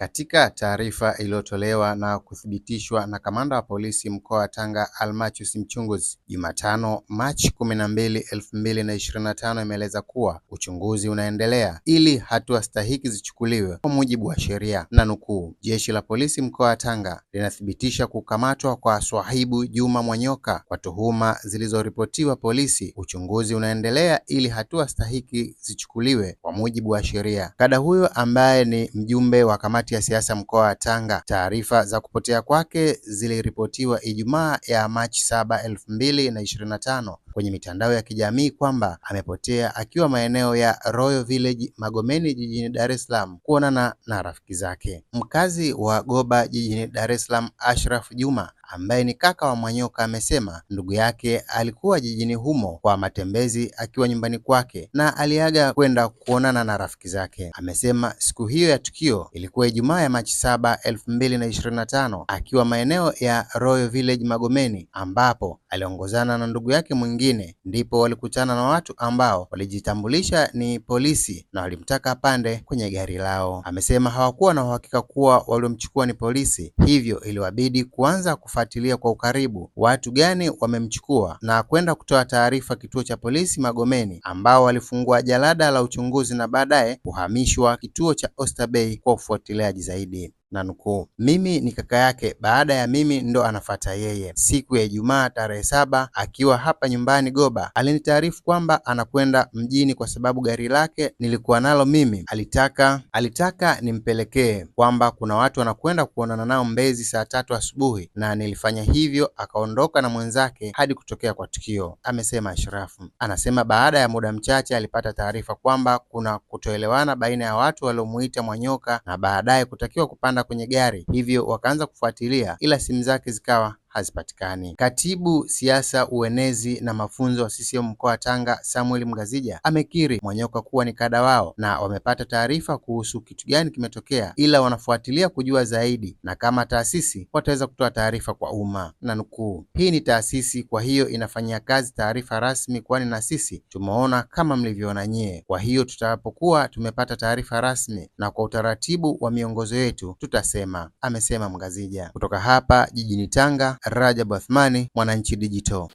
Katika taarifa iliyotolewa na kuthibitishwa na Kamanda wa Polisi Mkoa wa Tanga Almachus Mchunguzi Jumatano, Machi 12, 2025 imeeleza kuwa uchunguzi unaendelea ili hatua stahiki zichukuliwe kwa mujibu wa sheria, na nukuu, Jeshi la Polisi Mkoa wa Tanga linathibitisha kukamatwa kwa Swahibu Juma Mwanyoka kwa tuhuma zilizoripotiwa polisi. Uchunguzi unaendelea ili hatua stahiki zichukuliwe kwa mujibu wa sheria. Kada huyo ambaye ni mjumbe wa kamati harakati ya siasa mkoa wa Tanga. Taarifa za kupotea kwake ziliripotiwa Ijumaa ya Machi 7, 2025 kwenye mitandao ya kijamii kwamba amepotea akiwa maeneo ya Royal Village Magomeni jijini Dar es Salaam kuonana na rafiki zake. Mkazi wa Goba jijini Dar es Salaam, Ashraf Juma ambaye ni kaka wa Mwanyoka amesema ndugu yake alikuwa jijini humo kwa matembezi akiwa nyumbani kwake na aliaga kwenda kuonana na rafiki zake. Amesema siku hiyo ya tukio ilikuwa Ijumaa ya Machi saba elfu mbili na ishirini na tano akiwa maeneo ya Royal Village Magomeni ambapo aliongozana na ndugu yake mwingine mwingine, ndipo walikutana na watu ambao walijitambulisha ni polisi na walimtaka apande kwenye gari lao. Amesema hawakuwa na uhakika kuwa waliomchukua ni polisi, hivyo iliwabidi kuanza kufuatilia kwa ukaribu watu gani wamemchukua na kwenda kutoa taarifa kituo cha polisi Magomeni, ambao walifungua jalada la uchunguzi na baadaye kuhamishwa kituo cha Oysterbay kwa ufuatiliaji zaidi na nukuu, mimi ni kaka yake, baada ya mimi ndo anafata yeye. Siku ya Ijumaa tarehe saba akiwa hapa nyumbani Goba, alinitaarifu kwamba anakwenda mjini kwa sababu gari lake nilikuwa nalo mimi. Alitaka alitaka nimpelekee, kwamba kuna watu wanakwenda kuonana nao Mbezi saa tatu asubuhi, na nilifanya hivyo. Akaondoka na mwenzake hadi kutokea kwa tukio, amesema Ashrafu. Anasema baada ya muda mchache alipata taarifa kwamba kuna kutoelewana baina ya watu waliomuita Mwanyoka na baadaye kutakiwa kupanda kwenye gari, hivyo wakaanza kufuatilia, ila simu zake zikawa hazipatikani. Katibu siasa, uenezi na mafunzo wa CCM mkoa wa Tanga, Samuel Mgazija amekiri Mwanyoka kuwa ni kada wao na wamepata taarifa kuhusu kitu gani kimetokea, ila wanafuatilia kujua zaidi na kama taasisi wataweza kutoa taarifa kwa umma. Na nukuu, hii ni taasisi, kwa hiyo inafanyia kazi taarifa rasmi, kwani na sisi tumeona kama mlivyoona nyie. Kwa hiyo tutakapokuwa tumepata taarifa rasmi na kwa utaratibu wa miongozo yetu tutasema, amesema Mgazija. Kutoka hapa jijini Tanga Rajab Athmani, Mwananchi Digital.